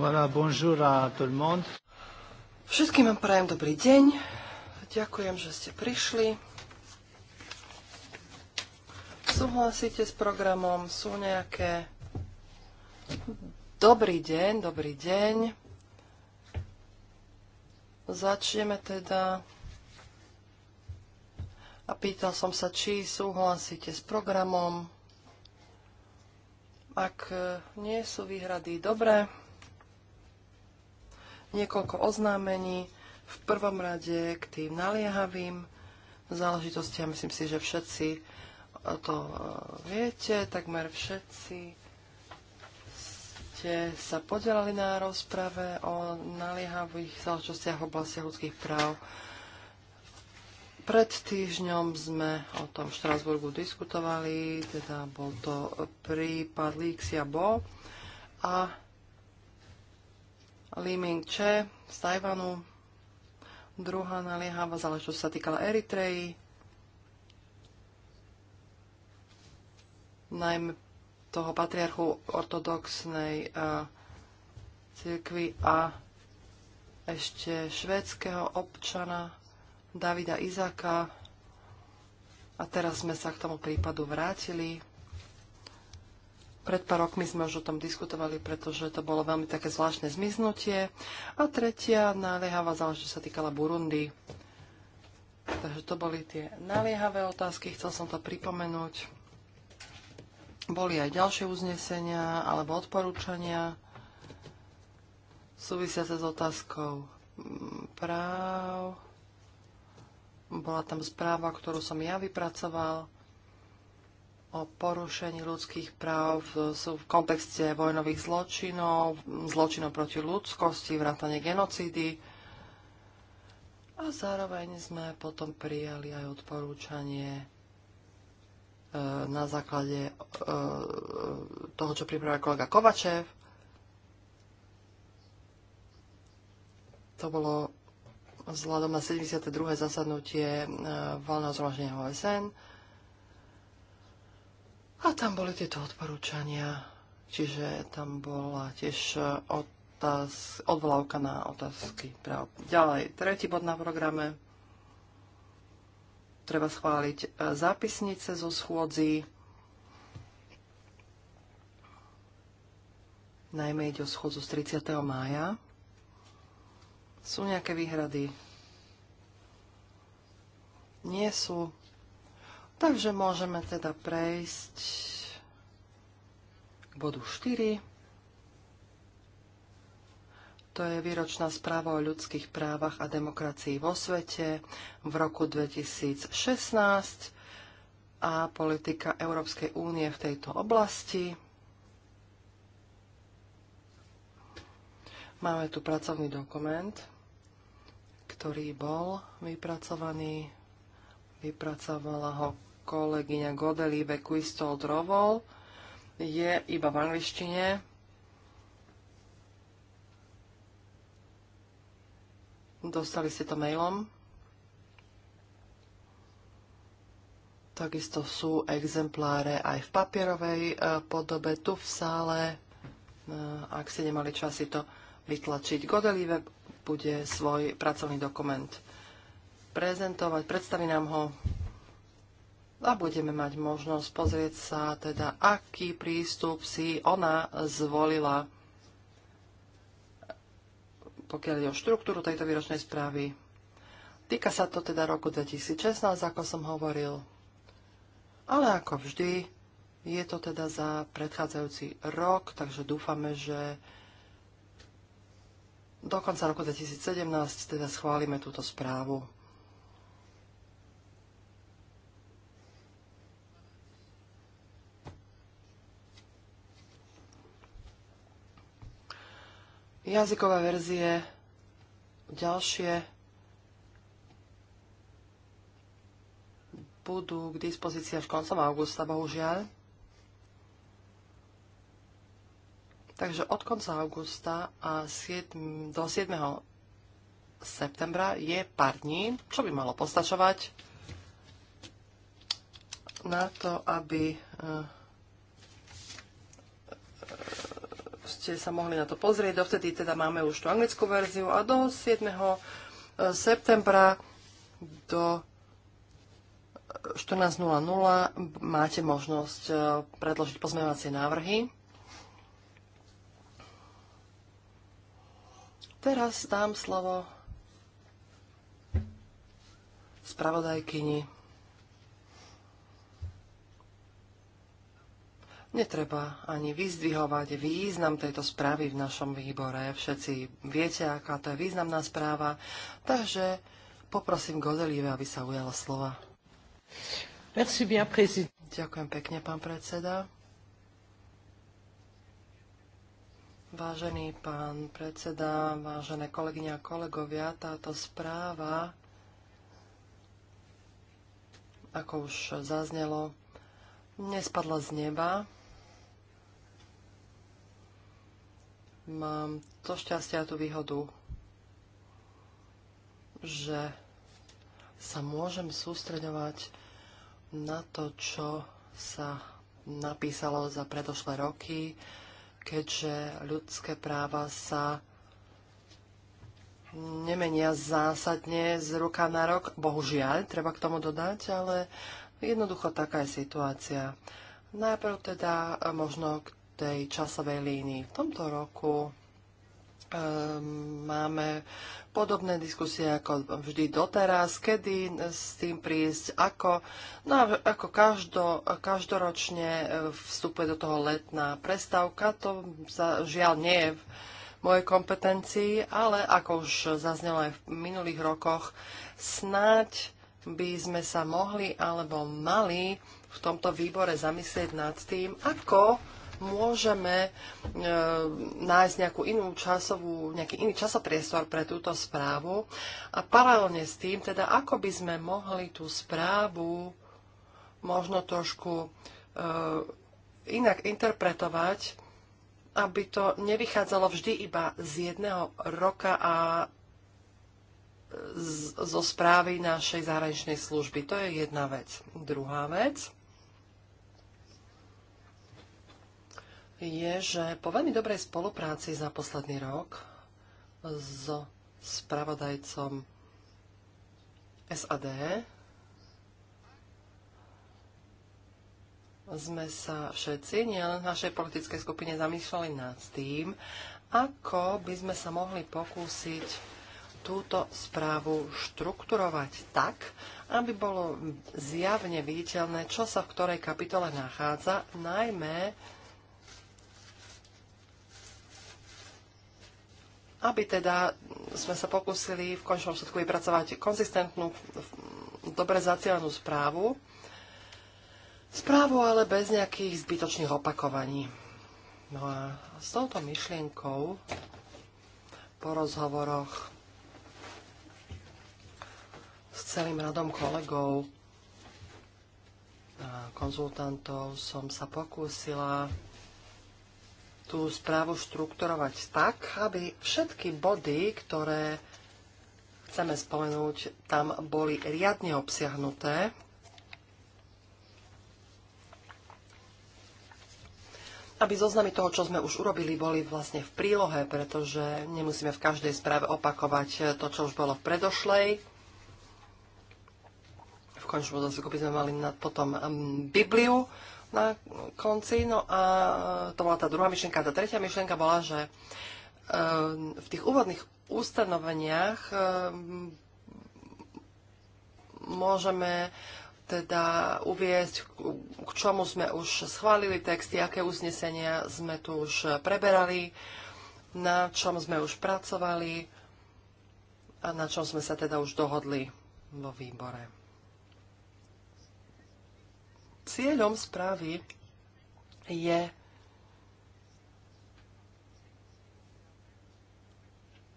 Voilà, bonjour à tout le monde. Všetkým vám prajem dobrý deň. Ďakujem, že ste prišli. Súhlasíte s programom? Sú nejaké... Dobrý deň, dobrý deň. Začneme teda... A pýtal som sa, či súhlasíte s programom. Ak nie sú výhrady, dobre. Niekoľko oznámení v prvom rade k tým naliehavým záležitostiam. Myslím si, že všetci e, to e, viete, takmer všetci ste sa podelali na rozprave o naliehavých záležitostiach v oblasti ľudských práv. Pred týždňom sme o tom v Štrásburgu diskutovali, teda bol to prípad Lixia Bo a Li Ming Che z Tajvanu. Druhá naliehavá záležitosť sa týkala Eritreji. Najmä toho patriarchu ortodoxnej uh, cirkvi a ešte švédskeho občana Davida Izaka. A teraz sme sa k tomu prípadu vrátili. Pred pár rokmi sme už o tom diskutovali, pretože to bolo veľmi také zvláštne zmiznutie. A tretia naliehavá záležitosť sa týkala Burundi. Takže to boli tie naliehavé otázky, chcel som to pripomenúť. Boli aj ďalšie uznesenia alebo odporúčania súvisiace s otázkou mm, práv. Bola tam správa, ktorú som ja vypracoval o porušení ľudských práv v, v kontexte vojnových zločinov, zločinov proti ľudskosti, vrátane genocídy. A zároveň sme potom prijali aj odporúčanie e, na základe e, toho, čo pripravil kolega Kovačev. To bolo vzhľadom na 72. zasadnutie e, voľného valného zhromaždenia OSN. A tam boli tieto odporúčania, čiže tam bola tiež e, otáz, odvolávka na otázky Ďalej, tretí bod na programe. Treba schváliť e, zápisnice zo schôdzi. Najmä ide o schôdzu z 30. mája. Sú nejaké výhrady? Nie sú. Takže môžeme teda prejsť k bodu 4. To je výročná správa o ľudských právach a demokracii vo svete v roku 2016 a politika Európskej únie v tejto oblasti. Máme tu pracovný dokument, ktorý bol vypracovaný. Vypracovala ho kolegyňa Godeliebe Quistol Drovol je iba v angličtine. Dostali ste to mailom. Takisto sú exempláre aj v papierovej e, podobe tu v sále. E, ak ste nemali čas si to vytlačiť, Godelive bude svoj pracovný dokument prezentovať. Predstaví nám ho a budeme mať možnosť pozrieť sa teda, aký prístup si ona zvolila, pokiaľ ide o štruktúru tejto výročnej správy. Týka sa to teda roku 2016, ako som hovoril. Ale ako vždy, je to teda za predchádzajúci rok, takže dúfame, že do konca roku 2017 teda schválime túto správu. jazyková verzie, ďalšie budú k dispozícii až koncom augusta, bohužiaľ. Takže od konca augusta a 7, do 7. septembra je pár dní, čo by malo postačovať na to, aby eh, ste sa mohli na to pozrieť. Dovtedy teda máme už tú anglickú verziu a do 7. E, septembra do 14.00 máte možnosť e, predložiť pozmeňovacie návrhy. Teraz dám slovo spravodajkyni Netreba ani vyzdvihovať význam tejto správy v našom výbore. Všetci viete, aká to je významná správa. Takže poprosím Godelieve, aby sa ujala slova. Merci bien, prezident. Ďakujem pekne, pán predseda. Vážený pán predseda, vážené kolegyne a kolegovia, táto správa, ako už zaznelo, nespadla z neba mám to šťastie a tú výhodu, že sa môžem sústreďovať na to, čo sa napísalo za predošlé roky, keďže ľudské práva sa nemenia zásadne z ruka na rok. Bohužiaľ, treba k tomu dodať, ale jednoducho taká je situácia. Najprv teda možno k tej časovej línii. V tomto roku ehm, máme podobné diskusie ako vždy doteraz, kedy s tým prísť, ako, no a ako každo, každoročne eh, vstupuje do toho letná prestávka, to za, žiaľ nie je v mojej kompetencii, ale ako už zaznelo aj v minulých rokoch, snáď by sme sa mohli alebo mali v tomto výbore zamyslieť nad tým, ako môžeme e, nájsť nejakú inú časovú, nejaký iný časopriestor pre túto správu a paralelne s tým, teda ako by sme mohli tú správu možno trošku e, inak interpretovať, aby to nevychádzalo vždy iba z jedného roka a z, zo správy našej zahraničnej služby. To je jedna vec. Druhá vec je, že po veľmi dobrej spolupráci za posledný rok so spravodajcom SAD sme sa všetci, nielen v našej politickej skupine, zamýšľali nad tým, ako by sme sa mohli pokúsiť túto správu štrukturovať tak, aby bolo zjavne viditeľné, čo sa v ktorej kapitole nachádza, najmä aby teda sme sa pokúsili v končnom všetku vypracovať konzistentnú, dobre zacielenú správu. Správu ale bez nejakých zbytočných opakovaní. No a s touto myšlienkou po rozhovoroch s celým radom kolegov a konzultantov som sa pokúsila tú správu štrukturovať tak, aby všetky body, ktoré chceme spomenúť, tam boli riadne obsiahnuté. Aby zoznamy toho, čo sme už urobili, boli vlastne v prílohe, pretože nemusíme v každej správe opakovať to, čo už bolo v predošlej. V končnom dôsledku by sme mali potom mm, Bibliu, na konci. No a to bola tá druhá myšlienka. Tá tretia myšlienka bola, že e, v tých úvodných ustanoveniach e, môžeme teda uviesť, k čomu sme už schválili texty, aké uznesenia sme tu už preberali, na čom sme už pracovali a na čom sme sa teda už dohodli vo výbore. Cieľom správy je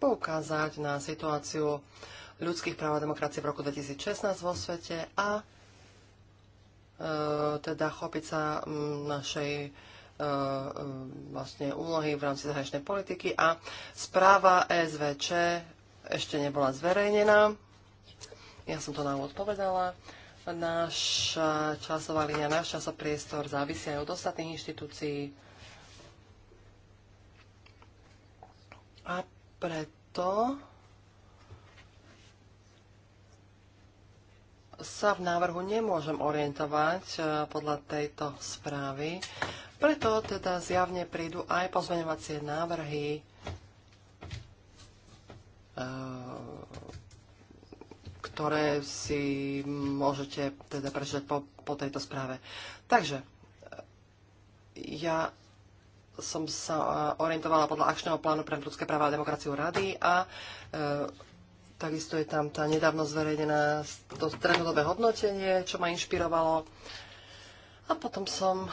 poukázať na situáciu ľudských práv a demokracie v roku 2016 vo svete a e, teda chopiť sa našej e, e, vlastne úlohy v rámci zahraničnej politiky a správa SVČ ešte nebola zverejnená. Ja som to na úvod povedala. Naša eh, časová línia, náš časopriestor závisia aj od ostatných inštitúcií. A preto sa v návrhu nemôžem orientovať eh, podľa tejto správy. Preto teda zjavne prídu aj pozmeňovacie návrhy eh, ktoré si môžete teda prečítať po, po tejto správe. Takže ja som sa e, orientovala podľa akčného plánu pre ľudské práva a demokraciu rady a e, takisto je tam tá nedávno zverejnená to strednodobé hodnotenie, čo ma inšpirovalo. A potom som e,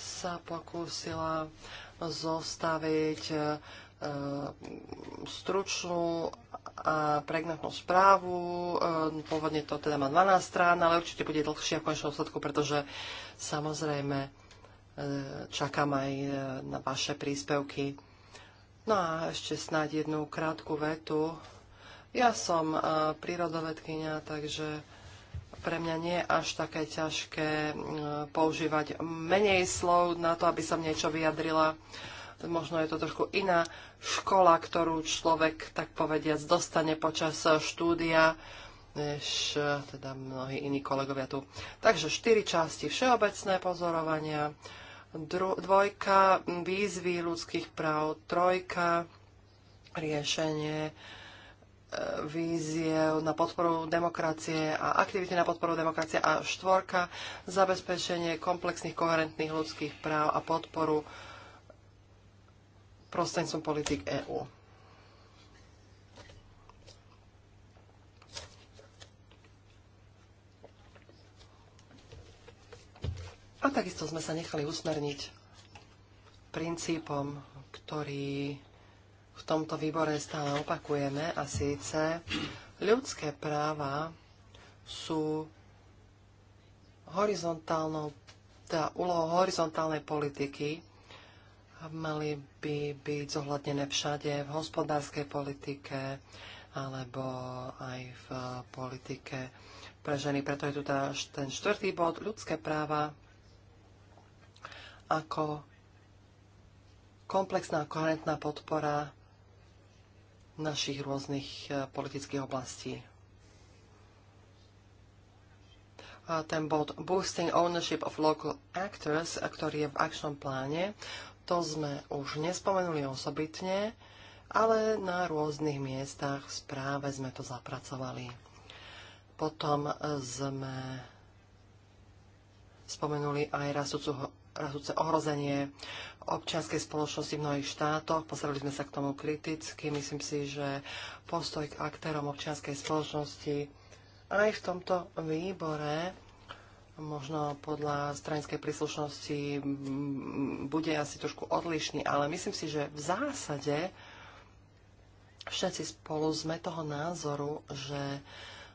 sa pokúsila zostaviť e, e stručnú pregnantnú správu. E, pôvodne to teda má 12 strán, ale určite bude dlhšie v končnom sledku, pretože samozrejme e, čakám aj e, na vaše príspevky. No a ešte snáď jednu krátku vetu. Ja som prírodovedkynia, takže pre mňa nie je až také ťažké používať menej slov na to, aby som niečo vyjadrila možno je to trošku iná škola, ktorú človek, tak povediac, dostane počas štúdia než e, teda mnohí iní kolegovia tu. Takže štyri časti všeobecné pozorovania, dru, dvojka výzvy ľudských práv, trojka riešenie e, vízie na podporu demokracie a aktivity na podporu demokracie a štvorka zabezpečenie komplexných koherentných ľudských práv a podporu prostredníctvom politik EÚ. A takisto sme sa nechali usmerniť princípom, ktorý v tomto výbore stále opakujeme, a síce ľudské práva sú horizontálnou, teda úlohou horizontálnej politiky mali by byť zohľadnené všade v hospodárskej politike alebo aj v eh, politike pre ženy. Preto je tu teda ten štvrtý bod, ľudské práva ako komplexná koherentná podpora našich rôznych eh, politických oblastí. A ten bod Boosting Ownership of Local Actors, eh, ktorý je v akčnom pláne, to sme už nespomenuli osobitne, ale na rôznych miestach v správe sme to zapracovali. Potom e, sme spomenuli aj rastúce ohrozenie občianskej spoločnosti v mnohých štátoch. Pozreli sme sa k tomu kriticky. Myslím si, že postoj k aktérom občianskej spoločnosti aj v tomto výbore možno podľa stranickej príslušnosti bude asi trošku odlišný, ale myslím si, že v zásade všetci spolu sme toho názoru, že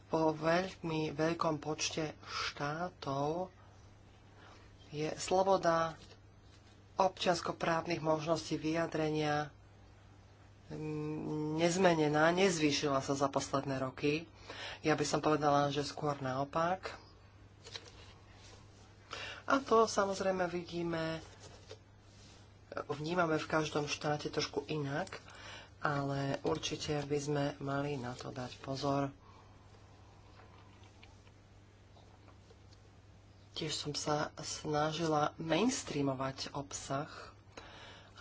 po veľmi veľkom počte štátov je sloboda občianskoprávnych možností vyjadrenia mm, nezmenená, nezvýšila sa za posledné roky. Ja by som povedala, že skôr naopak a to samozrejme vidíme, vnímame v každom štáte trošku inak, ale určite by sme mali na to dať pozor. Tiež som sa snažila mainstreamovať obsah,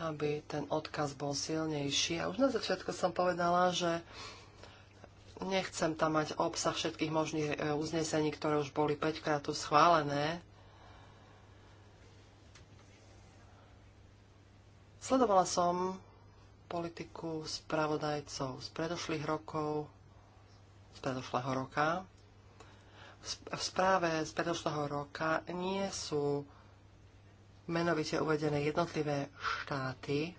aby ten odkaz bol silnejší. A už na začiatku som povedala, že nechcem tam mať obsah všetkých možných e, uznesení, ktoré už boli 5 krát tu schválené, Sledovala som politiku spravodajcov z predošlých rokov, z predošlého roka. V správe z predošlého roka nie sú menovite uvedené jednotlivé štáty.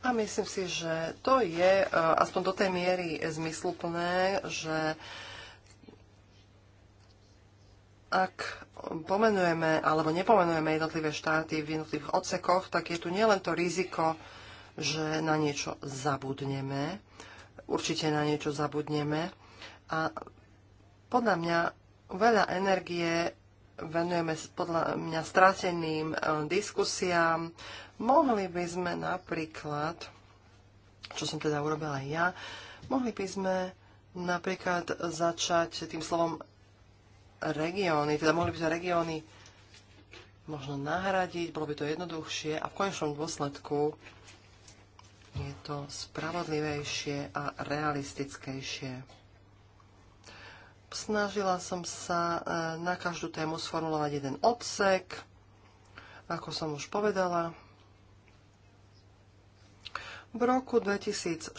A myslím si, že to je e, aspoň do tej miery zmysluplné, že ak pomenujeme alebo nepomenujeme jednotlivé štáty v jednotlivých odsekoch, tak je tu nielen to riziko, že na niečo zabudneme, určite na niečo zabudneme a podľa mňa veľa energie venujeme podľa mňa strateným e, diskusiám. Mohli by sme napríklad, čo som teda urobila aj ja, mohli by sme napríklad začať tým slovom regióny, teda mohli by sa regióny možno nahradiť, bolo by to jednoduchšie a v konečnom dôsledku je to spravodlivejšie a realistickejšie. Snažila som sa e, na každú tému sformulovať jeden odsek, ako som už povedala. V roku 2016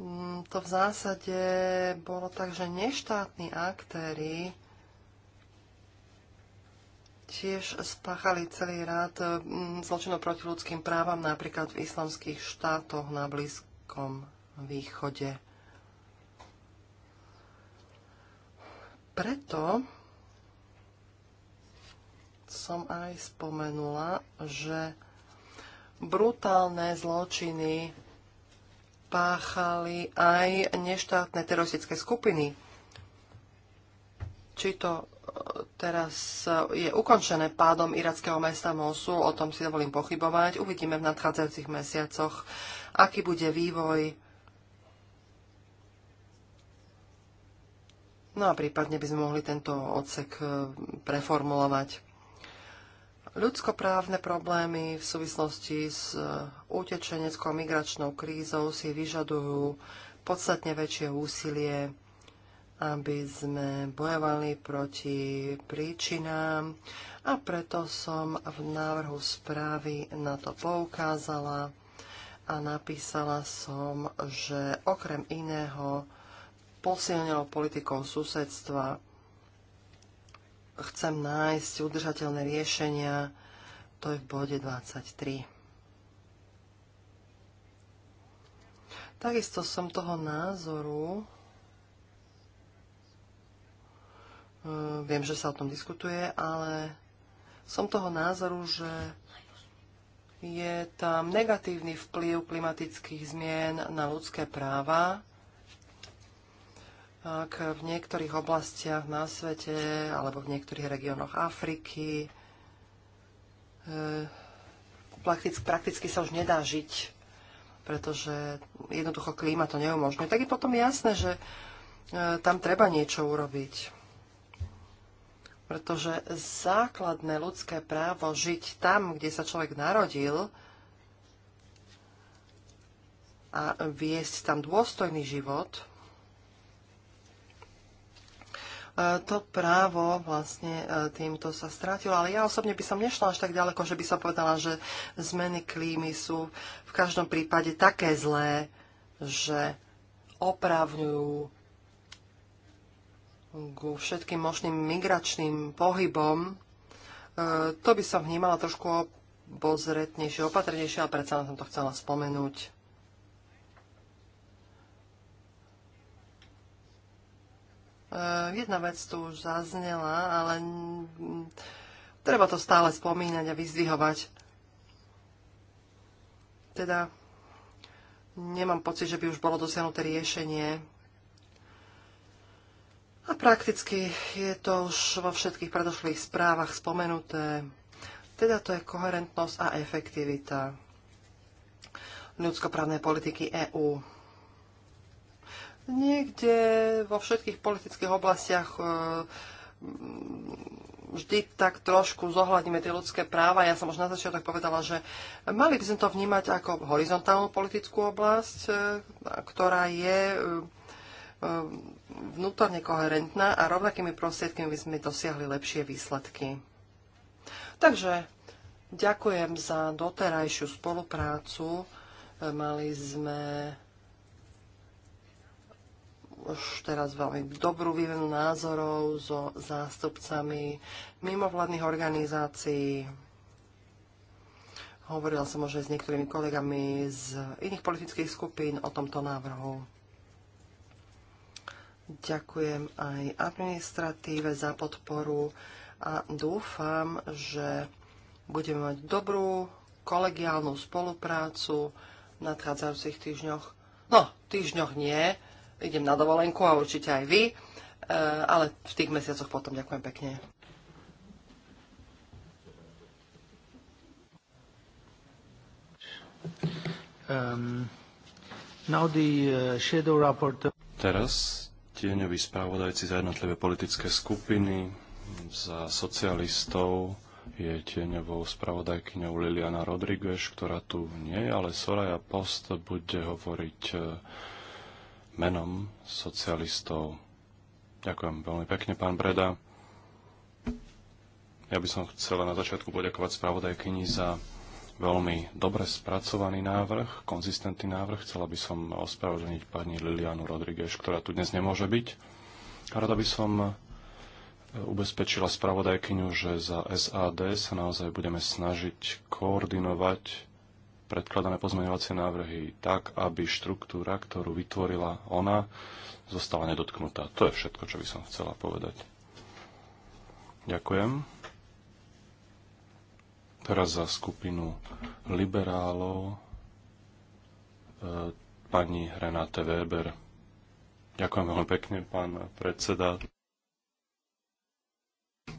Mm, to v zásade bolo tak, že neštátni aktéry tiež spáchali celý rád mm, zločinov proti ľudským právam, napríklad v islamských štátoch na Blízkom východe. Preto som aj spomenula, že brutálne zločiny páchali aj neštátne teroristické skupiny. Či to eh, teraz eh, je ukončené pádom irackého mesta Mosul, o tom si dovolím pochybovať. Uvidíme v nadchádzajúcich mesiacoch, aký bude vývoj. No a prípadne by sme mohli tento odsek eh, preformulovať. Ľudskoprávne problémy v súvislosti s e, utečeneckou migračnou krízou si vyžadujú podstatne väčšie úsilie, aby sme bojovali proti príčinám a preto som v návrhu správy na to poukázala a napísala som, že okrem iného posilnilo politikou susedstva chcem nájsť udržateľné riešenia, to je v bode 23. Takisto som toho názoru, e, viem, že sa o tom diskutuje, ale som toho názoru, že je tam negatívny vplyv klimatických zmien na ľudské práva ak v niektorých oblastiach na svete alebo v niektorých regiónoch Afriky eh, prakticky, prakticky sa už nedá žiť, pretože jednoducho klíma to neumožňuje, tak je potom jasné, že eh, tam treba niečo urobiť. Pretože základné ľudské právo žiť tam, kde sa človek narodil a viesť tam dôstojný život – E, to právo vlastne e, týmto sa strátilo. Ale ja osobne by som nešla až tak ďaleko, že by som povedala, že zmeny klímy sú v každom prípade také zlé, že opravňujú ku všetkým možným migračným pohybom. E, to by som vnímala trošku obozretnejšie, opatrnejšie, ale predsa som to chcela spomenúť. E, jedna vec tu už zaznela, ale treba to stále spomínať a vyzdvihovať. Teda nemám pocit, že by už bolo dosiahnuté riešenie. A prakticky je to už vo všetkých predošlých správach spomenuté. Teda to je koherentnosť a efektivita ľudskoprávnej politiky EÚ. Niekde vo všetkých politických oblastiach e, vždy tak trošku zohľadíme tie ľudské práva. Ja som už na začiatok povedala, že mali by sme to vnímať ako horizontálnu politickú oblasť, e, ktorá je e, vnútorne koherentná a rovnakými prostriedkami by sme dosiahli lepšie výsledky. Takže ďakujem za doterajšiu spoluprácu. Mali sme už teraz veľmi dobrú výmenu názorov so zástupcami mimovládnych organizácií. Hovorila som už aj s niektorými kolegami z iných politických skupín o tomto návrhu. Ďakujem aj administratíve za podporu a dúfam, že budeme mať dobrú kolegiálnu spoluprácu v nadchádzajúcich týždňoch. No, týždňoch nie, idem na dovolenku a určite aj vy, e, ale v tých mesiacoch potom. Ďakujem pekne. Um, now the, uh, shadow Teraz tieňoví správodajci za jednotlivé politické skupiny, za socialistov je tieňovou spravodajkyňou Liliana Rodriguez, ktorá tu nie je, ale Soraya Post bude hovoriť uh, menom socialistov. Ďakujem veľmi pekne, pán Breda. Ja by som chcela na začiatku poďakovať spravodajkyni za veľmi dobre spracovaný návrh, konzistentný návrh. Chcela by som ospravedlniť pani Lilianu Rodriguez, ktorá tu dnes nemôže byť. A rada by som e, ubezpečila spravodajkyňu, že za SAD sa naozaj budeme snažiť koordinovať predkladané pozmeňovacie návrhy tak, aby štruktúra, ktorú vytvorila ona, zostala nedotknutá. To je všetko, čo by som chcela povedať. Ďakujem. Teraz za skupinu liberálov e, pani Renate Weber. Ďakujem veľmi pekne, pán predseda.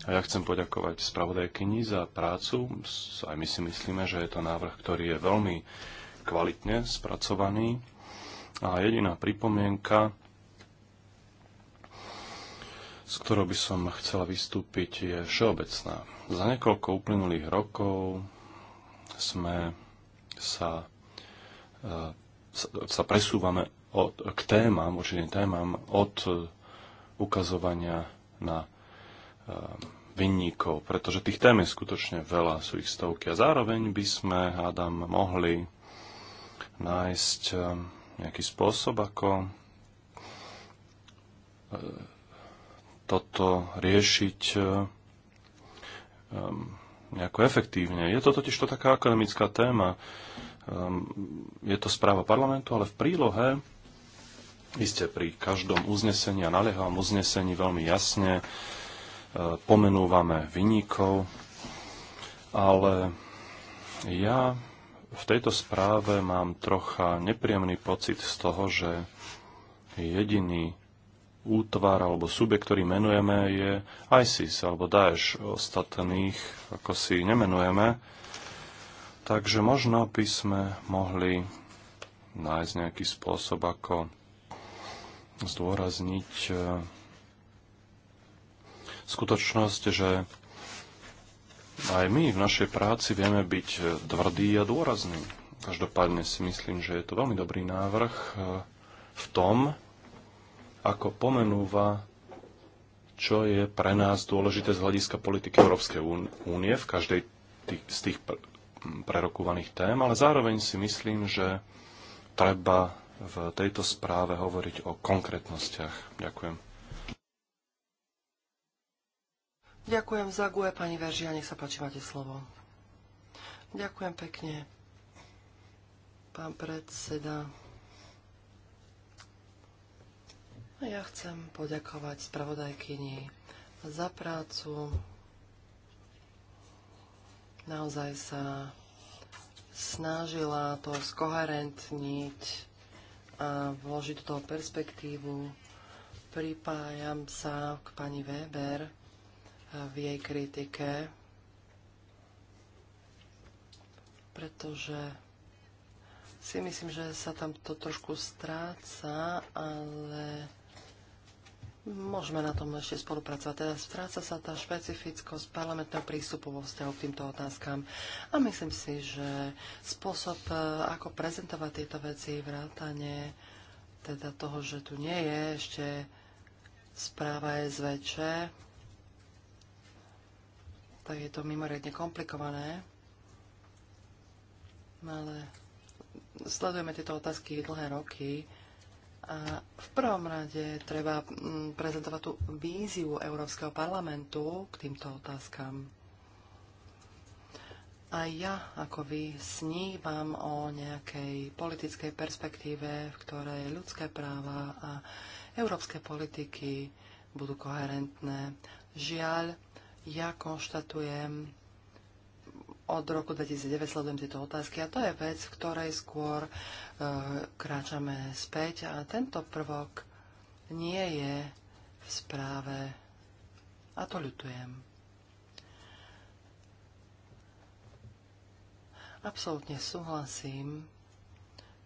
A ja chcem poďakovať spravodajkyni za prácu. Aj my si myslíme, že je to návrh, ktorý je veľmi kvalitne spracovaný. A jediná pripomienka, s ktorou by som chcela vystúpiť, je všeobecná. Za niekoľko uplynulých rokov sme sa, e, sa presúvame od, k témam, určitým témam, od ukazovania na Eh, vinníkov, pretože tých tém je skutočne veľa, sú ich stovky a zároveň by sme, hádam, mohli nájsť eh, nejaký spôsob, ako eh, toto riešiť nejako efektívne. Je to totiž to taká akademická téma. Je to správa parlamentu, ale v prílohe iste pri každom uznesení a naliehavom uznesení veľmi jasne pomenúvame vynikov, ale ja v tejto správe mám trocha nepríjemný pocit z toho, že jediný útvar alebo subjekt, ktorý menujeme, je ISIS alebo Daesh. Ostatných ako si nemenujeme. Takže možno by sme mohli nájsť nejaký spôsob, ako zdôrazniť eh, skutočnosť, že aj my v našej práci vieme byť tvrdí a dôrazní. Každopádne si myslím, že je to veľmi dobrý návrh eh, v tom, ako pomenúva, čo je pre nás dôležité z hľadiska politiky Európskej únie v každej z tých prerokovaných tém, ale zároveň si myslím, že treba v tejto správe hovoriť o konkrétnostiach. Ďakujem. Ďakujem za GUE, pani Veržia, nech sa páči, máte slovo. Ďakujem pekne, pán predseda. Ja chcem poďakovať spravodajkyni za prácu. Naozaj sa snažila to skoherentniť a vložiť do toho perspektívu. Pripájam sa k pani Weber v jej kritike, pretože si myslím, že sa tam to trošku stráca, ale môžeme na tom ešte spolupracovať. Teda stráca sa tá špecifickosť parlamentného prístupu vo vzťahu k týmto otázkam a myslím si, že spôsob, e, ako prezentovať tieto veci, vrátanie teda toho, že tu nie je ešte správa SVČ, tak je to mimoriadne komplikované. Ale sledujeme tieto otázky dlhé roky a v prvom rade treba mm, prezentovať tú víziu Európskeho parlamentu k týmto otázkam. A ja, ako vy, snívam o nejakej politickej perspektíve, v ktorej ľudské práva a európske politiky budú koherentné. Žiaľ, ja konštatujem, od roku 2009 sledujem tieto otázky a to je vec, v ktorej skôr e, kráčame späť a tento prvok nie je v správe a to ľutujem. Absolútne súhlasím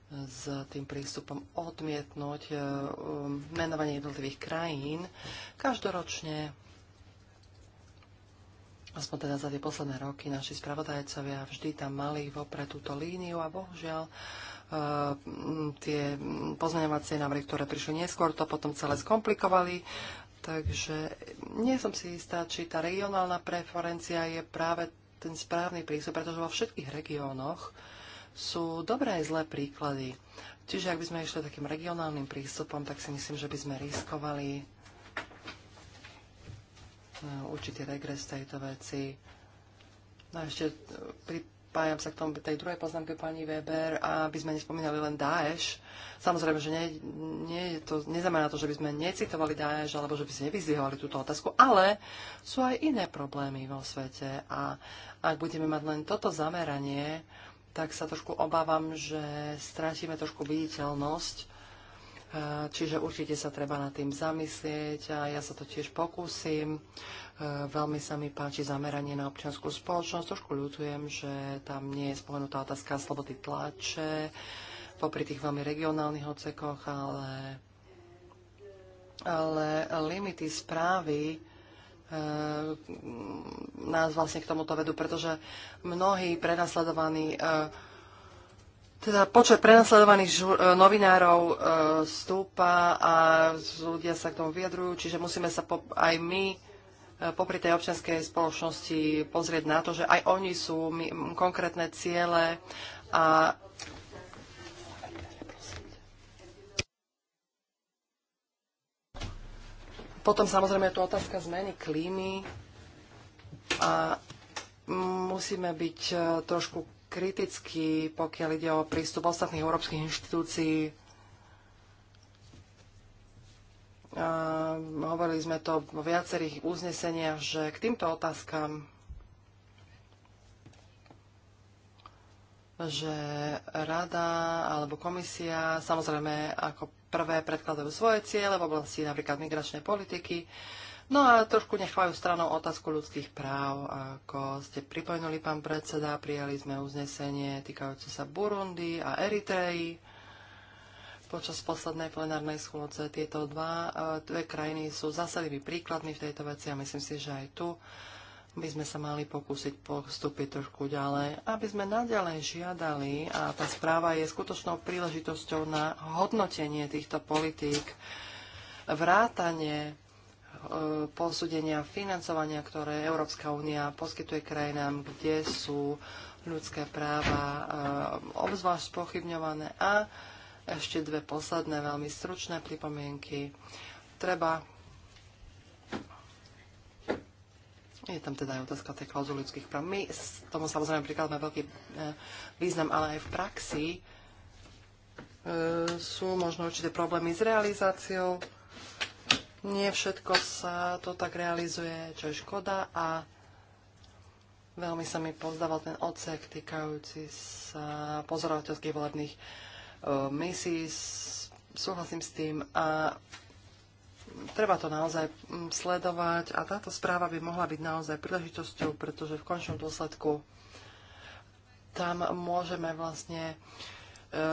s tým prístupom odmietnúť e, menovanie jednotlivých krajín. Každoročne aspoň teda za tie posledné roky, naši spravodajcovia vždy tam mali vopred túto líniu a bohužiaľ e, tie pozmeňovacie návrhy, ktoré prišli neskôr, to potom celé skomplikovali. Takže nie som si istá, či tá regionálna preferencia je práve ten správny prístup, pretože vo všetkých regiónoch sú dobré aj zlé príklady. Čiže ak by sme išli takým regionálnym prístupom, tak si myslím, že by sme riskovali E, určitý regres tejto veci. No a ešte e, pripájam sa k tomu, tej druhej poznámke pani Weber, aby sme nespomínali len Daesh. Samozrejme, že nie, nie je to, neznamená to, že by sme necitovali Daesh, alebo že by sme nevyzvihovali túto otázku, ale sú aj iné problémy vo svete a ak budeme mať len toto zameranie, tak sa trošku obávam, že strátime trošku viditeľnosť E, čiže určite sa treba nad tým zamyslieť a ja sa to tiež pokúsim. E, veľmi sa mi páči zameranie na občianskú spoločnosť. Trošku ľutujem, že tam nie je spomenutá otázka slobody tlače, popri tých veľmi regionálnych ocekoch, ale, ale limity správy e, nás vlastne k tomuto vedú, pretože mnohí prenasledovaní teda počet prenasledovaných e, novinárov e, stúpa a ľudia sa k tomu vyjadrujú, čiže musíme sa po, aj my e, popri tej občianskej spoločnosti pozrieť na to, že aj oni sú my, m, konkrétne ciele a potom samozrejme je tu otázka zmeny klímy a musíme byť e, trošku kritický, pokiaľ ide o prístup ostatných európskych inštitúcií. A hovorili sme to vo viacerých uzneseniach, že k týmto otázkam že rada alebo komisia samozrejme ako prvé predkladajú svoje ciele v oblasti napríklad migračnej politiky, No a trošku nechvajú stranou otázku ľudských práv. Ako ste pripojnuli, pán predseda, prijali sme uznesenie týkajúce sa Burundi a Eritreji. Počas poslednej plenárnej schôdze tieto dva, e, dve krajiny sú zásadnými príkladmi v tejto veci a myslím si, že aj tu by sme sa mali pokúsiť postúpiť trošku ďalej, aby sme naďalej žiadali, a tá správa je skutočnou príležitosťou na hodnotenie týchto politík, vrátanie E, posúdenia financovania, ktoré Európska únia poskytuje krajinám, kde sú ľudské práva e, obzvlášť spochybňované. A ešte dve posledné veľmi stručné pripomienky. Treba Je tam teda aj otázka tej klauzuly ľudských práv. My tomu samozrejme prikladáme veľký e, význam, ale aj v praxi sú možno určité problémy s realizáciou nie všetko sa to tak realizuje, čo je škoda a veľmi sa mi pozdával ten odsek týkajúci sa pozorovateľských volebných e, misií. Súhlasím s tým a treba to naozaj sledovať a táto správa by mohla byť naozaj príležitosťou, pretože v končnom dôsledku tam môžeme vlastne e,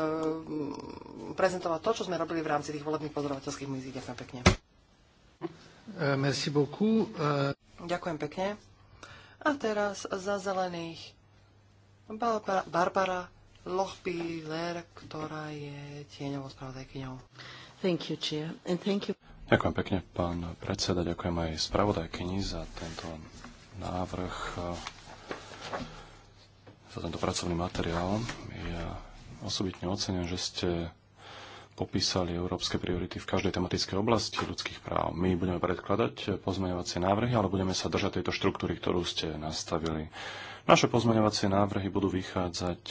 prezentovať to, čo sme robili v rámci tých volebných pozorovateľských misií. Ďakujem pekne. Eh, merci beaucoup. Eh, Ďakujem pekne. A teraz za zelených Barbara, Barbara Lochbiller, ktorá je tieňovou spravodajkyňou. Thank you, and thank you. Ďakujem pekne, pán predseda. Ďakujem aj spravodajkyni za tento návrh, eh, za tento pracovný materiál. Ja osobitne ocenujem, že ste popísali európske priority v každej tematickej oblasti ľudských práv. My budeme predkladať pozmeňovacie návrhy, ale budeme sa držať tejto štruktúry, ktorú ste nastavili. Naše pozmeňovacie návrhy budú vychádzať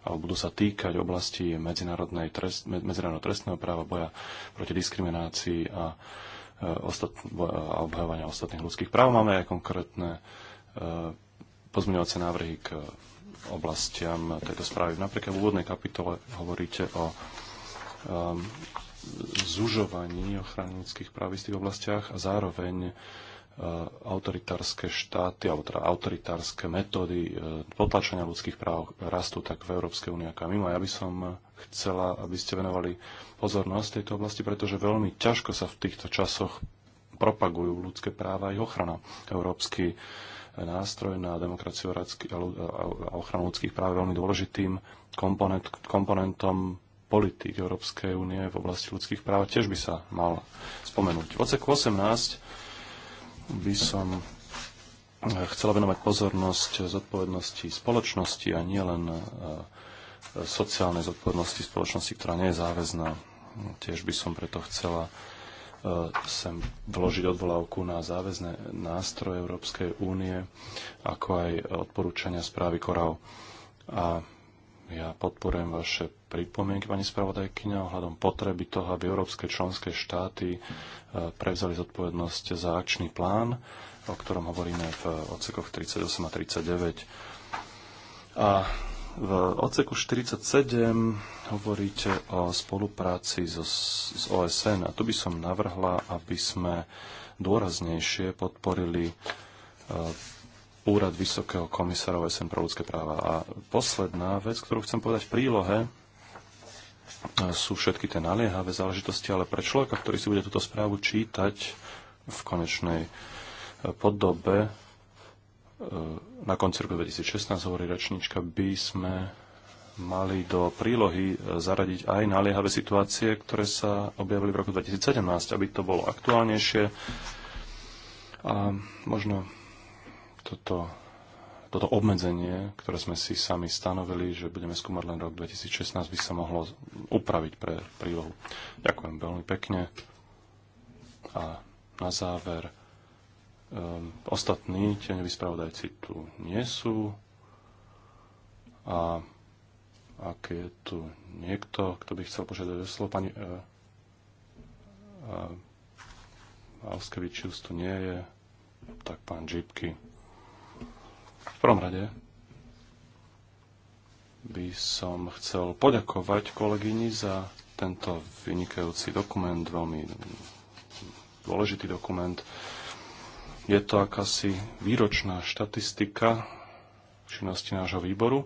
alebo budú sa týkať oblasti medzinárodnej trest, medzinárodného trestného práva, boja proti diskriminácii a, e, ostat, a obhajovania ostatných ľudských práv. Máme aj konkrétne e, pozmeňovacie návrhy k oblastiam tejto správy. Napríklad v úvodnej kapitole hovoríte o Um, zužovaní ochranických práv v istých oblastiach a zároveň uh, autoritárske štáty, alebo teda autoritárske metódy uh, potlačenia ľudských práv rastú tak v Európskej únii ako mimo. Ja by som chcela, aby ste venovali pozornosť tejto oblasti, pretože veľmi ťažko sa v týchto časoch propagujú ľudské práva a ich ochrana. Európsky uh, nástroj na demokraciu a ochranu ľudských práv je veľmi dôležitým komponent, komponentom politik Európskej únie v oblasti ľudských práv tiež by sa mal spomenúť. V odseku 18 by som eh, chcela venovať pozornosť zodpovednosti spoločnosti a nielen eh, sociálnej zodpovednosti spoločnosti, ktorá nie je záväzná. Tiež by som preto chcela eh, sem vložiť odvolávku na záväzné nástroje Európskej únie, ako aj odporúčania správy Korau. A ja podporujem vaše pripomienky pani spravodajkyňa ohľadom potreby toho, aby európske členské štáty e, prevzali zodpovednosť za akčný plán, o ktorom hovoríme v odsekoch 38 a 39. A v odseku 47 hovoríte o spolupráci so, s OSN a tu by som navrhla, aby sme dôraznejšie podporili e, Úrad Vysokého komisára OSN pro ľudské práva. A posledná vec, ktorú chcem povedať v prílohe, sú všetky tie naliehavé záležitosti, ale pre človeka, ktorý si bude túto správu čítať v konečnej eh, podobe, eh, na konci roku 2016 hovorí rečníčka, by sme mali do prílohy eh, zaradiť aj naliehavé situácie, ktoré sa objavili v roku 2017, aby to bolo aktuálnejšie. A možno toto toto obmedzenie, ktoré sme si sami stanovili, že budeme skúmať len rok 2016, by sa mohlo upraviť pre prílohu. Ďakujem veľmi pekne. A na záver, um, ostatní tieňoví spravodajci tu nie sú. A ak je tu niekto, kto by chcel požiadať o slovo, pani uh, e, uh, e, Alskevičius tu nie je, tak pán Žipky. V prvom rade by som chcel poďakovať kolegyni za tento vynikajúci dokument, veľmi dôležitý dokument. Je to akási výročná štatistika činnosti nášho výboru.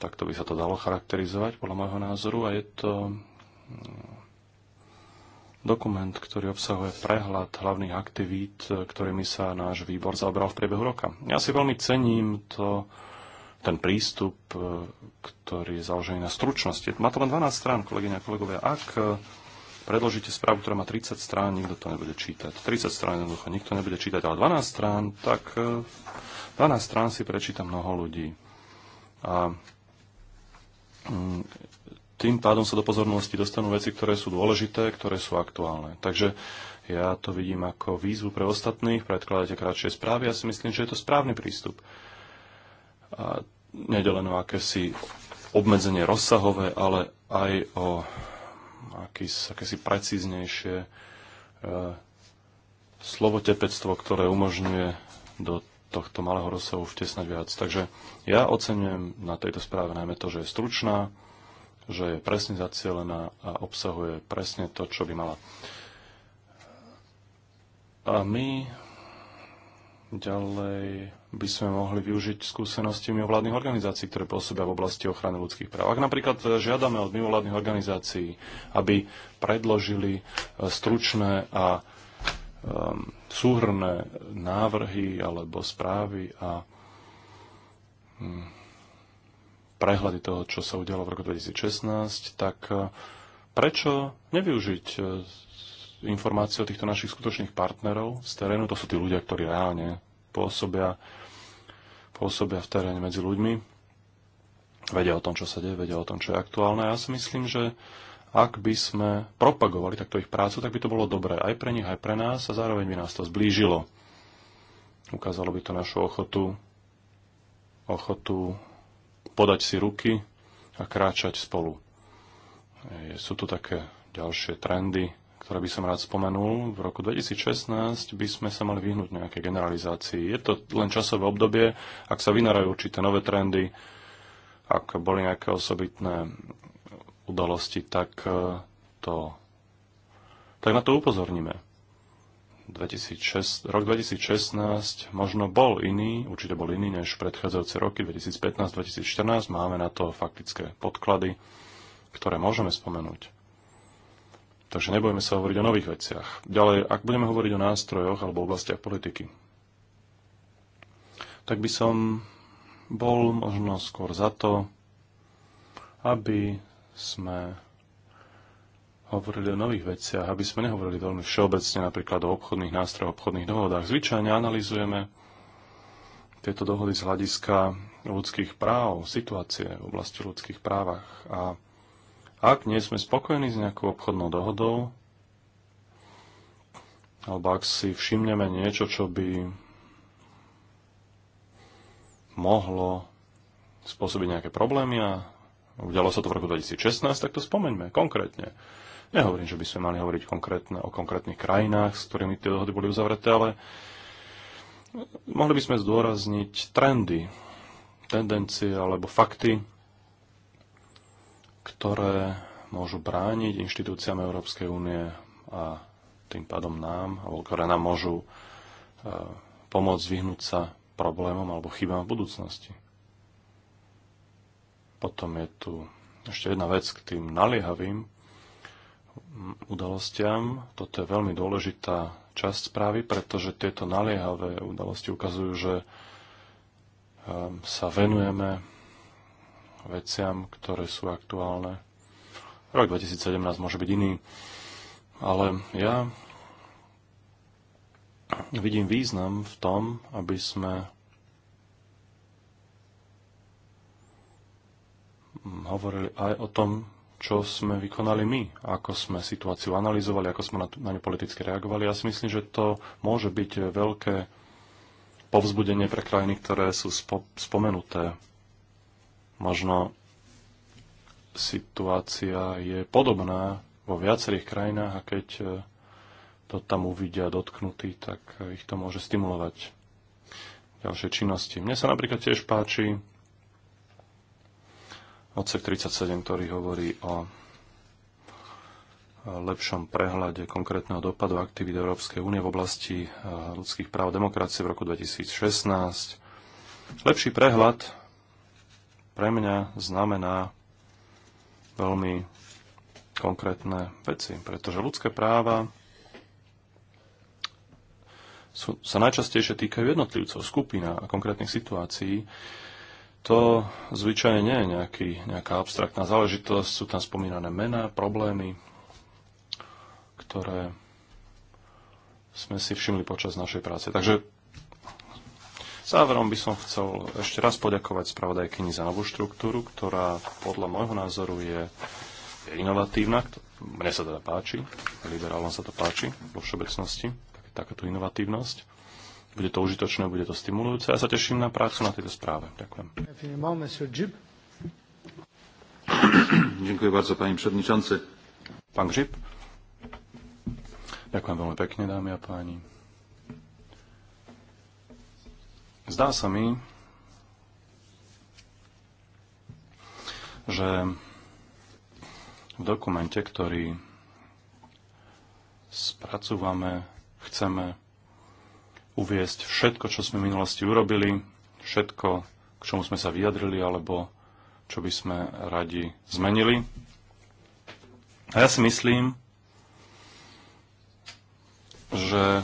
Takto by sa to dalo charakterizovať, podľa môjho názoru, a je to Dokument, ktorý obsahuje prehľad hlavných aktivít, e, ktorými sa náš výbor zaoberal v priebehu roka. Ja si veľmi cením to, ten prístup, e, ktorý je založený na stručnosti. Má to len 12 strán, kolegyne a kolegovia. Ak e, predložíte správu, ktorá má 30 strán, nikto to nebude čítať. 30 strán jednoducho nikto nebude čítať, ale 12 strán, tak 12 strán si prečíta mnoho ľudí. A mm, tým pádom sa do pozornosti dostanú veci, ktoré sú dôležité, ktoré sú aktuálne. Takže ja to vidím ako výzvu pre ostatných, predkladajte kratšie správy, ja si myslím, že je to správny prístup. A nedeleno akési obmedzenie rozsahové, ale aj o akýs, akési precíznejšie e, slovotepectvo, ktoré umožňuje do tohto malého rozsahu vtesnať viac. Takže ja ocenujem na tejto správe najmä to, že je stručná, že je presne zacielená a obsahuje presne to, čo by mala. A my ďalej by sme mohli využiť skúsenosti mimovládnych organizácií, ktoré pôsobia v oblasti ochrany ľudských práv. Ak napríklad eh, žiadame od mimovládnych organizácií, aby predložili eh, stručné a ehm, súhrné návrhy alebo správy a hm, prehľady toho, čo sa udialo v roku 2016, tak e, prečo nevyužiť e, informácie o týchto našich skutočných partnerov z terénu? To sú tí ľudia, ktorí reálne pôsobia, pôsobia v teréne medzi ľuďmi, vedia o tom, čo sa deje, vedia o tom, čo je aktuálne. Ja si myslím, že ak by sme propagovali takto ich prácu, tak by to bolo dobré aj pre nich, aj pre nás a zároveň by nás to zblížilo. Ukázalo by to našu ochotu, ochotu podať si ruky a kráčať spolu. Sú tu také ďalšie trendy, ktoré by som rád spomenul. V roku 2016 by sme sa mali vyhnúť nejaké generalizácii. Je to len časové obdobie, ak sa vynárajú určité nové trendy, ak boli nejaké osobitné udalosti, tak eh, to tak na to upozorníme. 2006, rok 2016 možno bol iný, určite bol iný než predchádzajúce roky 2015-2014. Máme na to faktické podklady, ktoré môžeme spomenúť. Takže nebojme sa hovoriť o nových veciach. Ďalej, ak budeme hovoriť o nástrojoch alebo oblastiach politiky, tak by som bol možno skôr za to, aby sme hovorili o nových veciach, aby sme nehovorili veľmi všeobecne napríklad o obchodných nástrojoch, obchodných dohodách. Zvyčajne analizujeme tieto dohody z hľadiska ľudských práv, situácie v oblasti ľudských právach. A ak nie sme spokojní s nejakou obchodnou dohodou, alebo ak si všimneme niečo, čo by mohlo spôsobiť nejaké problémy a udialo sa to v roku 2016, tak to spomeňme konkrétne. Nehovorím, že by sme mali hovoriť konkrétne, o konkrétnych krajinách, s ktorými tie dohody boli uzavreté, ale mohli by sme zdôrazniť trendy, tendencie alebo fakty, ktoré môžu brániť inštitúciám Európskej únie a tým pádom nám, alebo ktoré nám môžu e, pomôcť vyhnúť sa problémom alebo chybám v budúcnosti. Potom je tu ešte jedna vec k tým naliehavým udalostiam. Toto je veľmi dôležitá časť správy, pretože tieto naliehavé udalosti ukazujú, že ehm, sa venujeme veciam, ktoré sú aktuálne. Rok 2017 môže byť iný, ale ja vidím význam v tom, aby sme hovorili aj o tom, čo sme vykonali my, ako sme situáciu analyzovali, ako sme na, na ňu politicky reagovali. Ja si myslím, že to môže byť veľké povzbudenie pre krajiny, ktoré sú spo, spomenuté. Možno situácia je podobná vo viacerých krajinách a keď e, to tam uvidia dotknutí, tak e, ich to môže stimulovať ďalšie činnosti. Mne sa napríklad tiež páči odsek 37, ktorý hovorí o lepšom prehľade konkrétneho dopadu aktivít Európskej únie v oblasti e, ľudských práv a demokracie v roku 2016. Lepší prehľad pre mňa znamená veľmi konkrétne veci, pretože ľudské práva sú, sa najčastejšie týkajú jednotlivcov, skupina a konkrétnych situácií to zvyčajne nie je nejaký, nejaká abstraktná záležitosť. Sú tam spomínané mená, problémy, ktoré sme si všimli počas našej práce. Takže záverom by som chcel ešte raz poďakovať spravodajkyni za novú štruktúru, ktorá podľa môjho názoru je, je inovatívna. Mne sa teda páči, liberálom sa to páči vo všeobecnosti, takáto inovatívnosť. Bude to užitočné, bude to stimulujúce. Ja sa teším na prácu na tejto správe. Ďakujem. Ďakujem bardzo, pani przewodniczący. Pán Grzyb. Ďakujem veľmi pekne, dámy a páni. Zdá sa mi, že v dokumente, ktorý spracúvame, chceme uviesť všetko, čo sme v minulosti urobili, všetko, k čomu sme sa vyjadrili, alebo čo by sme radi zmenili. A ja si myslím, že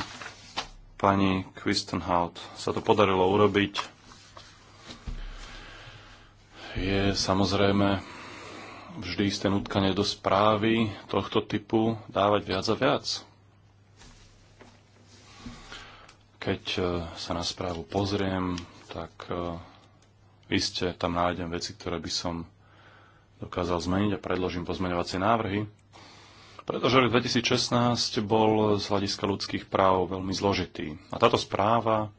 pani Quistenhout sa to podarilo urobiť. Je samozrejme vždy isté nutkanie do správy tohto typu dávať viac a viac. Keď e, sa na správu pozriem, tak e, iste tam nájdem veci, ktoré by som dokázal zmeniť a predložím pozmeňovacie návrhy. Pretože rok 2016 bol z hľadiska ľudských práv veľmi zložitý. A táto správa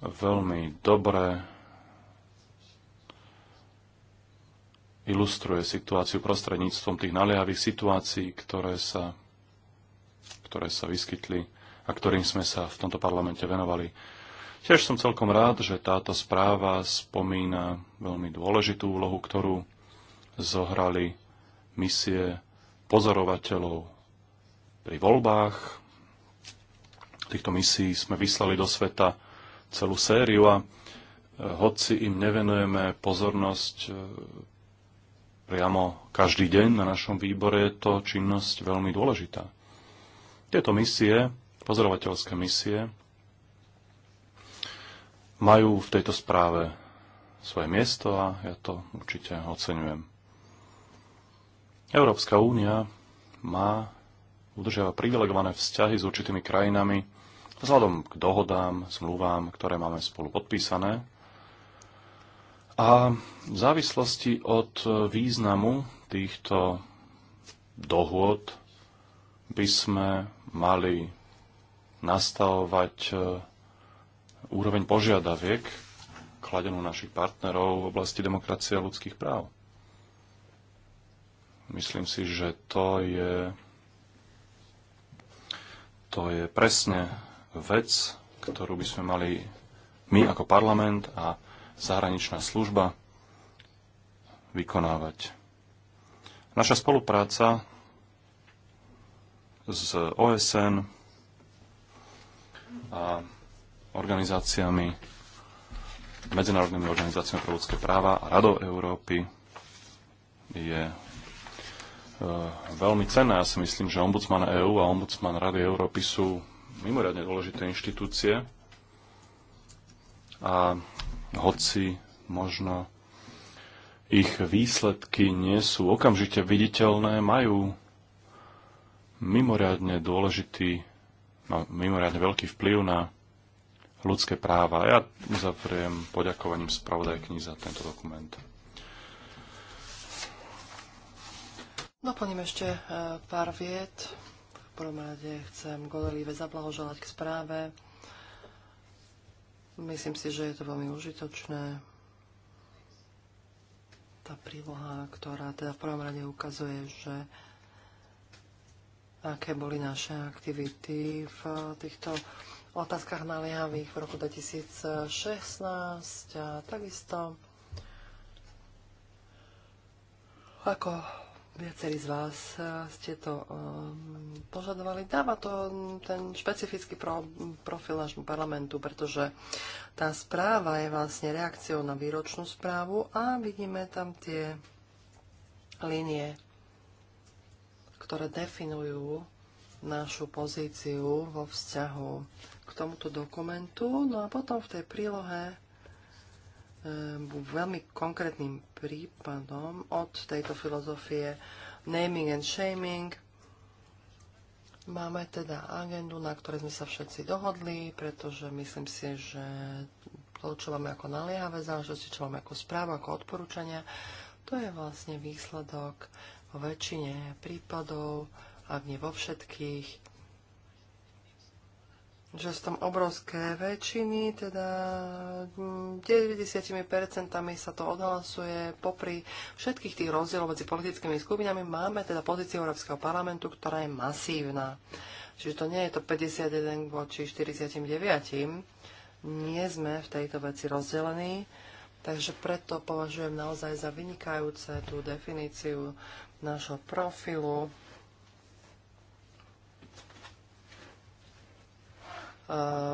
veľmi dobre ilustruje situáciu prostredníctvom tých naliehavých situácií, ktoré sa, ktoré sa vyskytli a ktorým sme sa v tomto parlamente venovali. Tiež som celkom rád, že táto správa spomína veľmi dôležitú úlohu, ktorú zohrali misie pozorovateľov pri voľbách. Týchto misií sme vyslali do sveta celú sériu a e, hoci im nevenujeme pozornosť e, priamo každý deň na našom výbore, je to činnosť veľmi dôležitá. Tieto misie pozorovateľské misie majú v tejto správe svoje miesto a ja to určite oceňujem. Európska únia má, udržiava privilegované vzťahy s určitými krajinami vzhľadom k dohodám, zmluvám, ktoré máme spolu podpísané. A v závislosti od významu týchto dohôd by sme mali nastavovať e, úroveň požiadaviek kladenú našich partnerov v oblasti demokracie a ľudských práv. Myslím si, že to je, to je presne vec, ktorú by sme mali my ako parlament a zahraničná služba vykonávať. Naša spolupráca s OSN a organizáciami, medzinárodnými organizáciami pre ľudské práva a Rado Európy je e, veľmi cenné. Ja si myslím, že ombudsman EÚ a ombudsman Rady Európy sú mimoriadne dôležité inštitúcie a hoci možno ich výsledky nie sú okamžite viditeľné, majú mimoriadne dôležitý má mimoriadne veľký vplyv na ľudské práva. Ja uzavriem poďakovaním spravodajkni za tento dokument. Doplním ešte e, pár viet. V prvom rade chcem Godelive zablahoželať k správe. Myslím si, že je to veľmi užitočné. Tá príloha, ktorá teda v prvom rade ukazuje, že aké boli naše aktivity v týchto otázkach naliehavých v roku 2016 a takisto ako viacerí z vás ste to um, požadovali. Dáva to ten špecifický pro, profil nášmu parlamentu, pretože tá správa je vlastne reakciou na výročnú správu a vidíme tam tie línie ktoré definujú našu pozíciu vo vzťahu k tomuto dokumentu. No a potom v tej prílohe eh, veľmi konkrétnym prípadom od tejto filozofie naming and shaming. Máme teda agendu, na ktorej sme sa všetci dohodli, pretože myslím si, že to, čo máme ako naliehavé záležitosti, čo máme ako správu, ako odporúčania, to je vlastne výsledok vo väčšine prípadov, ak nie vo všetkých, že z tom obrovské väčšiny, teda 90% sa to odhlasuje popri všetkých tých rozdielov medzi politickými skupinami. Máme teda pozíciu Európskeho parlamentu, ktorá je masívna. Čiže to nie je to 51 voči 49. Nie sme v tejto veci rozdelení. Takže preto považujem naozaj za vynikajúce tú definíciu nášho profilu. E,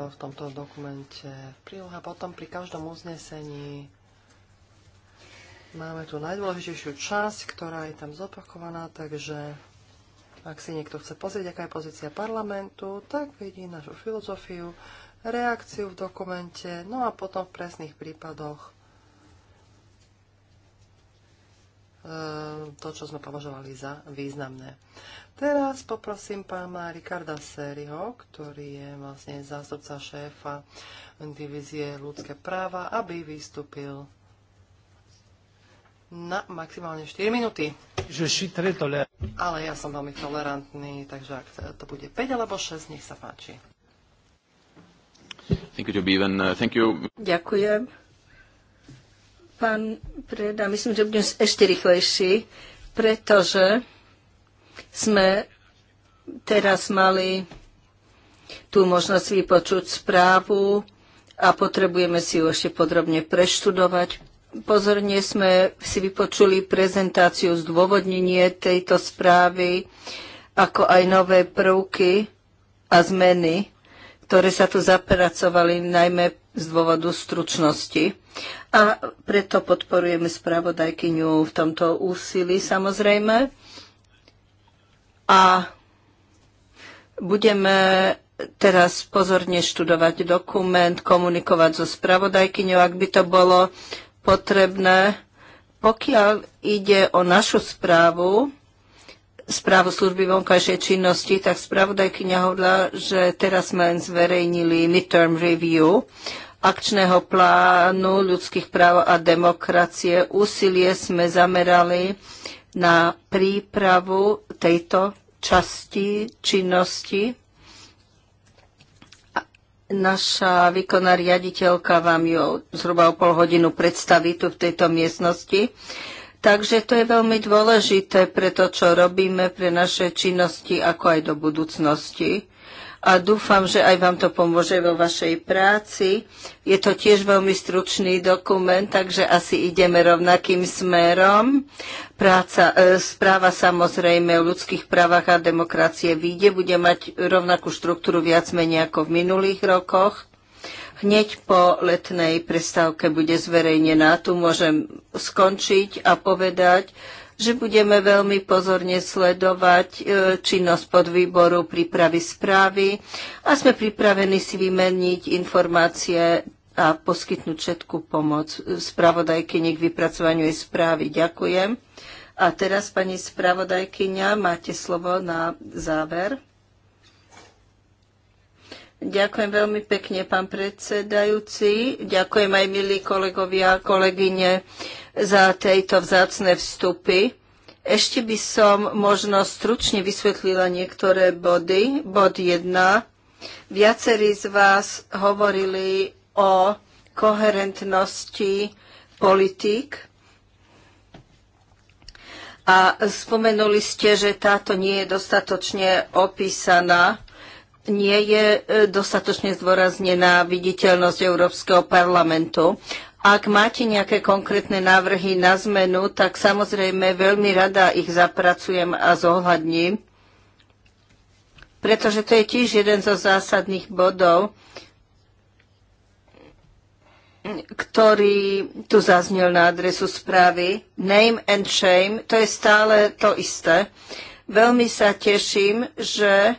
v tomto dokumente príloha. Potom pri každom uznesení máme tu najdôležitejšiu časť, ktorá je tam zopakovaná, takže ak si niekto chce pozrieť, aká je pozícia parlamentu, tak vidí našu filozofiu, reakciu v dokumente, no a potom v presných prípadoch E, to, čo sme považovali za významné. Teraz poprosím pána Ricarda Seriho, ktorý je vlastne zástupca šéfa divízie ľudské práva, aby vystúpil na maximálne 4 minúty. Ale ja som veľmi tolerantný, takže ak to bude 5 alebo 6, nech sa páči. Uh, Ďakujem. Pán Preda, myslím, že budem ešte rýchlejší, pretože sme teraz mali tú možnosť vypočuť správu a potrebujeme si ju ešte podrobne preštudovať. Pozorne sme si vypočuli prezentáciu zdôvodnenie tejto správy, ako aj nové prvky a zmeny, ktoré sa tu zapracovali, najmä z dôvodu stručnosti. A preto podporujeme spravodajkyňu v tomto úsilí samozrejme. A budeme teraz pozorne študovať dokument, komunikovať so spravodajkyňou, ak by to bolo potrebné. Pokiaľ ide o našu správu, správu služby vonkajšej činnosti, tak spravodajkyňa hovorila, že teraz sme len zverejnili midterm review akčného plánu ľudských práv a demokracie. Úsilie sme zamerali na prípravu tejto časti činnosti. Naša výkonná riaditeľka vám ju zhruba o pol hodinu predstaví tu v tejto miestnosti. Takže to je veľmi dôležité pre to, čo robíme, pre naše činnosti, ako aj do budúcnosti. A dúfam, že aj vám to pomôže vo vašej práci. Je to tiež veľmi stručný dokument, takže asi ideme rovnakým smerom. Práca, e, správa samozrejme o ľudských právach a demokracie výjde, bude mať rovnakú štruktúru viac menej ako v minulých rokoch. Hneď po letnej prestávke bude zverejnená. Tu môžem skončiť a povedať, že budeme veľmi pozorne sledovať e, činnosť podvýboru prípravy správy a sme pripravení si vymeniť informácie a poskytnúť všetku pomoc spravodajkyni k vypracovaniu jej správy. Ďakujem. A teraz, pani spravodajkyňa, máte slovo na záver. Ďakujem veľmi pekne, pán predsedajúci. Ďakujem aj milí kolegovia a kolegyne za tejto vzácne vstupy. Ešte by som možno stručne vysvetlila niektoré body. Bod 1. Viacerí z vás hovorili o koherentnosti politík a spomenuli ste, že táto nie je dostatočne opísaná nie je e, dostatočne zdôraznená viditeľnosť Európskeho parlamentu. Ak máte nejaké konkrétne návrhy na zmenu, tak samozrejme veľmi rada ich zapracujem a zohľadním, pretože to je tiež jeden zo zásadných bodov, ktorý tu zaznel na adresu správy. Name and shame, to je stále to isté. Veľmi sa teším, že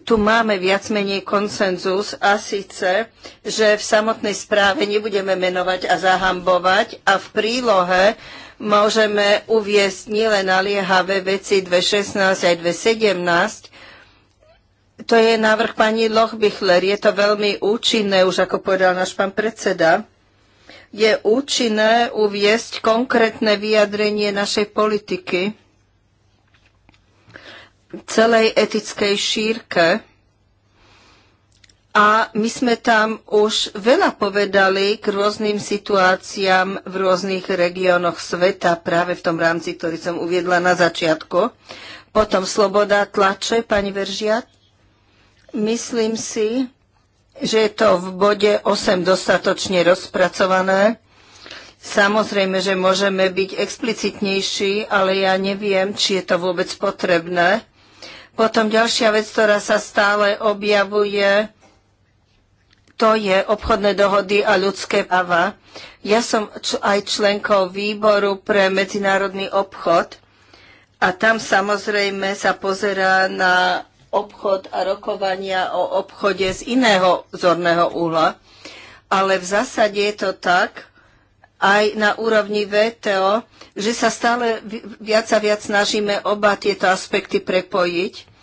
tu máme viac menej konsenzus a síce, že v samotnej správe nebudeme menovať a zahambovať a v prílohe môžeme uviesť nielen naliehavé veci 2.16 aj 2.17. To je návrh pani Lochbichler. Je to veľmi účinné, už ako povedal náš pán predseda. Je účinné uviesť konkrétne vyjadrenie našej politiky celej etickej šírke. A my sme tam už veľa povedali k rôznym situáciám v rôznych regiónoch sveta, práve v tom rámci, ktorý som uviedla na začiatku. Potom sloboda tlače, pani Veržiat. Myslím si, že je to v bode 8 dostatočne rozpracované. Samozrejme, že môžeme byť explicitnejší, ale ja neviem, či je to vôbec potrebné potom ďalšia vec, ktorá sa stále objavuje, to je obchodné dohody a ľudské práva. Ja som aj členkou výboru pre medzinárodný obchod a tam samozrejme sa pozerá na obchod a rokovania o obchode z iného zorného uhla, ale v zásade je to tak, aj na úrovni VTO, že sa stále viac a viac snažíme oba tieto aspekty prepojiť.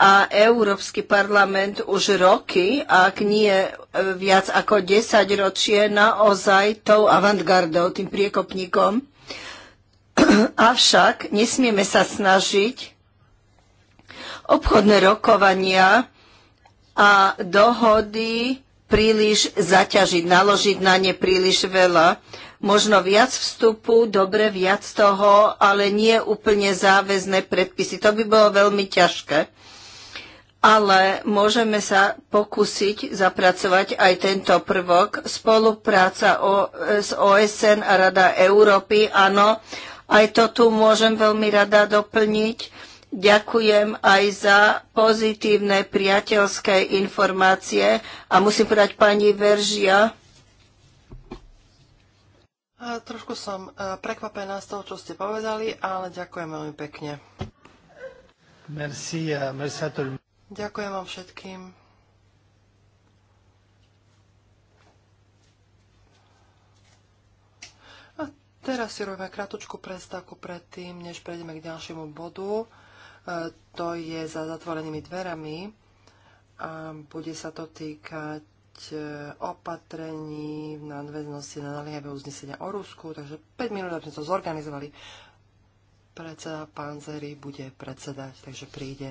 A Európsky parlament už roky, ak nie e, viac ako 10 ročie, naozaj tou avantgardou, tým priekopníkom. Avšak nesmieme sa snažiť obchodné rokovania a dohody príliš zaťažiť, naložiť na ne príliš veľa možno viac vstupu, dobre viac toho, ale nie úplne záväzné predpisy. To by bolo veľmi ťažké. Ale môžeme sa pokúsiť zapracovať aj tento prvok. Spolupráca o, s OSN a Rada Európy, áno, aj to tu môžem veľmi rada doplniť. Ďakujem aj za pozitívne priateľské informácie a musím povedať pani Veržia, Trošku som e, prekvapená z toho, čo ste povedali, ale ďakujem veľmi pekne. Merci, e, merci Ďakujem vám všetkým. A teraz si robíme krátku prestávku predtým, než prejdeme k ďalšiemu bodu. E, to je za zatvorenými dverami a bude sa to týkať E, opatrení v nadväznosti na naliehavé uznesenia o Rusku, takže 5 minút, aby sme to zorganizovali. Predseda Panzery bude predsedať, takže príde.